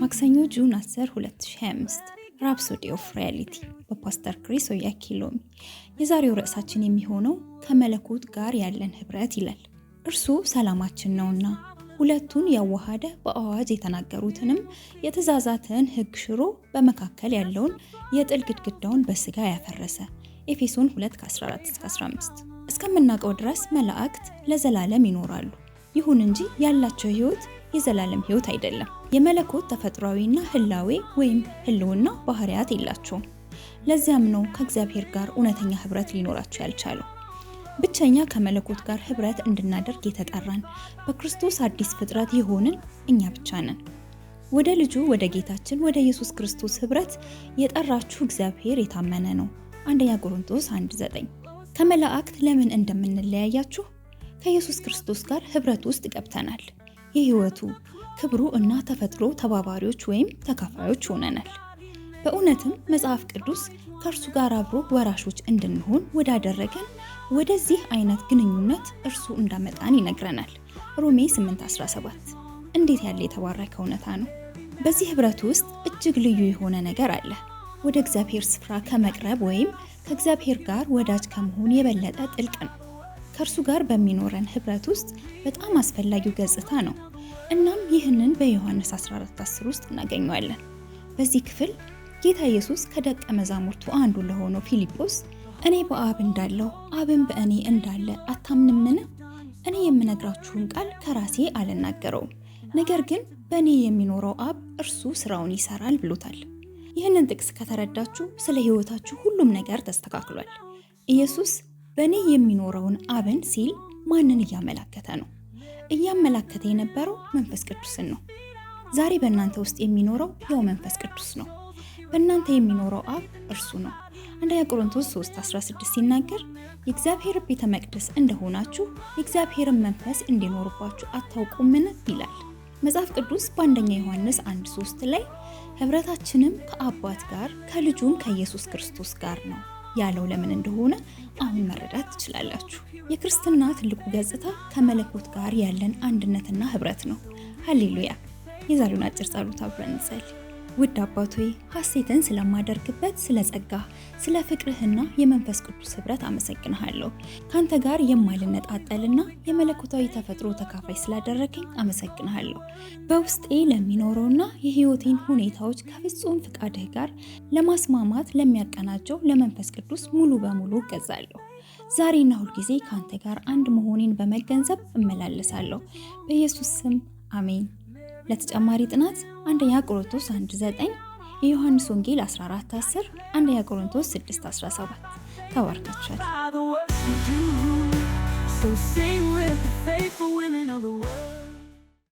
ማክሰኞ ጁን 10 2025 ራፕሶዲ ኦፍ ሪያሊቲ በፓስተር ክሪስ ኦያኪሎሚ። የዛሬው ርዕሳችን የሚሆነው ከመለኮት ጋር ያለን ህብረት ይላል። እርሱ ሰላማችን ነውና ሁለቱን ያዋሃደ በአዋጅ የተናገሩትንም የትእዛዛትን ህግ ሽሮ በመካከል ያለውን የጥል ግድግዳውን በስጋ ያፈረሰ ኤፌሶን 2:14-15 እስከምናውቀው ድረስ መላእክት ለዘላለም ይኖራሉ። ይሁን እንጂ ያላቸው ህይወት የዘላለም ህይወት አይደለም። የመለኮት ተፈጥሯዊና ህላዌ ወይም ህልውና ባህሪያት የላቸውም። ለዚያም ነው ከእግዚአብሔር ጋር እውነተኛ ህብረት ሊኖራቸው ያልቻለው። ብቸኛ ከመለኮት ጋር ህብረት እንድናደርግ የተጠራን በክርስቶስ አዲስ ፍጥረት የሆንን እኛ ብቻ ነን። ወደ ልጁ ወደ ጌታችን ወደ ኢየሱስ ክርስቶስ ህብረት የጠራችሁ እግዚአብሔር የታመነ ነው። አንደኛ ቆሮንቶስ 1:9 ከመላእክት ለምን እንደምንለያያችሁ ከኢየሱስ ክርስቶስ ጋር ህብረት ውስጥ ገብተናል። የህይወቱ ክብሩ እና ተፈጥሮ ተባባሪዎች ወይም ተካፋዮች ሆነናል። በእውነትም መጽሐፍ ቅዱስ ከእርሱ ጋር አብሮ ወራሾች እንድንሆን ወዳደረገን ወደዚህ አይነት ግንኙነት እርሱ እንዳመጣን ይነግረናል። ሮሜ 8:17 እንዴት ያለ የተባረከ እውነታ ነው! በዚህ ህብረት ውስጥ እጅግ ልዩ የሆነ ነገር አለ። ወደ እግዚአብሔር ስፍራ ከመቅረብ ወይም ከእግዚአብሔር ጋር ወዳጅ ከመሆን የበለጠ ጥልቅ ነው። ከእርሱ ጋር በሚኖረን ህብረት ውስጥ በጣም አስፈላጊው ገጽታ ነው። እናም ይህንን በዮሐንስ 14:10 ውስጥ እናገኘዋለን። በዚህ ክፍል ጌታ ኢየሱስ ከደቀ መዛሙርቱ አንዱ ለሆነው ፊልጶስ እኔ በአብ እንዳለሁ አብን በእኔ እንዳለ አታምንምን? እኔ የምነግራችሁን ቃል ከራሴ አልናገረውም፣ ነገር ግን በእኔ የሚኖረው አብ እርሱ ስራውን ይሰራል ብሎታል። ይህንን ጥቅስ ከተረዳችሁ ስለ ህይወታችሁ ሁሉም ነገር ተስተካክሏል። ኢየሱስ በእኔ የሚኖረውን አብን ሲል ማንን እያመላከተ ነው? እያመላከተ የነበረው መንፈስ ቅዱስን ነው። ዛሬ በእናንተ ውስጥ የሚኖረው ያው መንፈስ ቅዱስ ነው። በእናንተ የሚኖረው አብ እርሱ ነው። አንደኛ ቆሮንቶስ 3:16 ሲናገር የእግዚአብሔር ቤተ መቅደስ እንደሆናችሁ የእግዚአብሔርን መንፈስ እንዲኖርባችሁ አታውቁምን ይላል። መጽሐፍ ቅዱስ በአንደኛ ዮሐንስ 1:3 ላይ ህብረታችንም ከአባት ጋር ከልጁም ከኢየሱስ ክርስቶስ ጋር ነው ያለው ለምን እንደሆነ አሁን መረዳት ትችላላችሁ። የክርስትና ትልቁ ገጽታ ከመለኮት ጋር ያለን አንድነትና ህብረት ነው። ሀሌሉያ! የዛሬውን አጭር ጸሎት አብረን እንጸልይ። ውድ አባት ሀሴትን ሐሴትን ስለማደርግበት ስለ ጸጋህ፣ ስለ ፍቅርህና የመንፈስ ቅዱስ ህብረት አመሰግንሃለሁ። ካንተ ጋር የማልነጣጠልና የመለኮታዊ ተፈጥሮ ተካፋይ ስላደረገኝ አመሰግንሃለሁ። በውስጤ ለሚኖረውና የህይወቴን ሁኔታዎች ከፍጹም ፍቃድህ ጋር ለማስማማት ለሚያቀናቸው ለመንፈስ ቅዱስ ሙሉ በሙሉ እገዛለሁ። ዛሬና ሁልጊዜ ከአንተ ጋር አንድ መሆኔን በመገንዘብ እመላለሳለሁ። በኢየሱስ ስም አሜን። ለተጨማሪ ጥናት አንደኛ ቆሮንቶስ 1:9 የዮሐንስ ወንጌል 14:10 አንደኛ ቆሮንቶስ 6:17 ተባርካችኋል።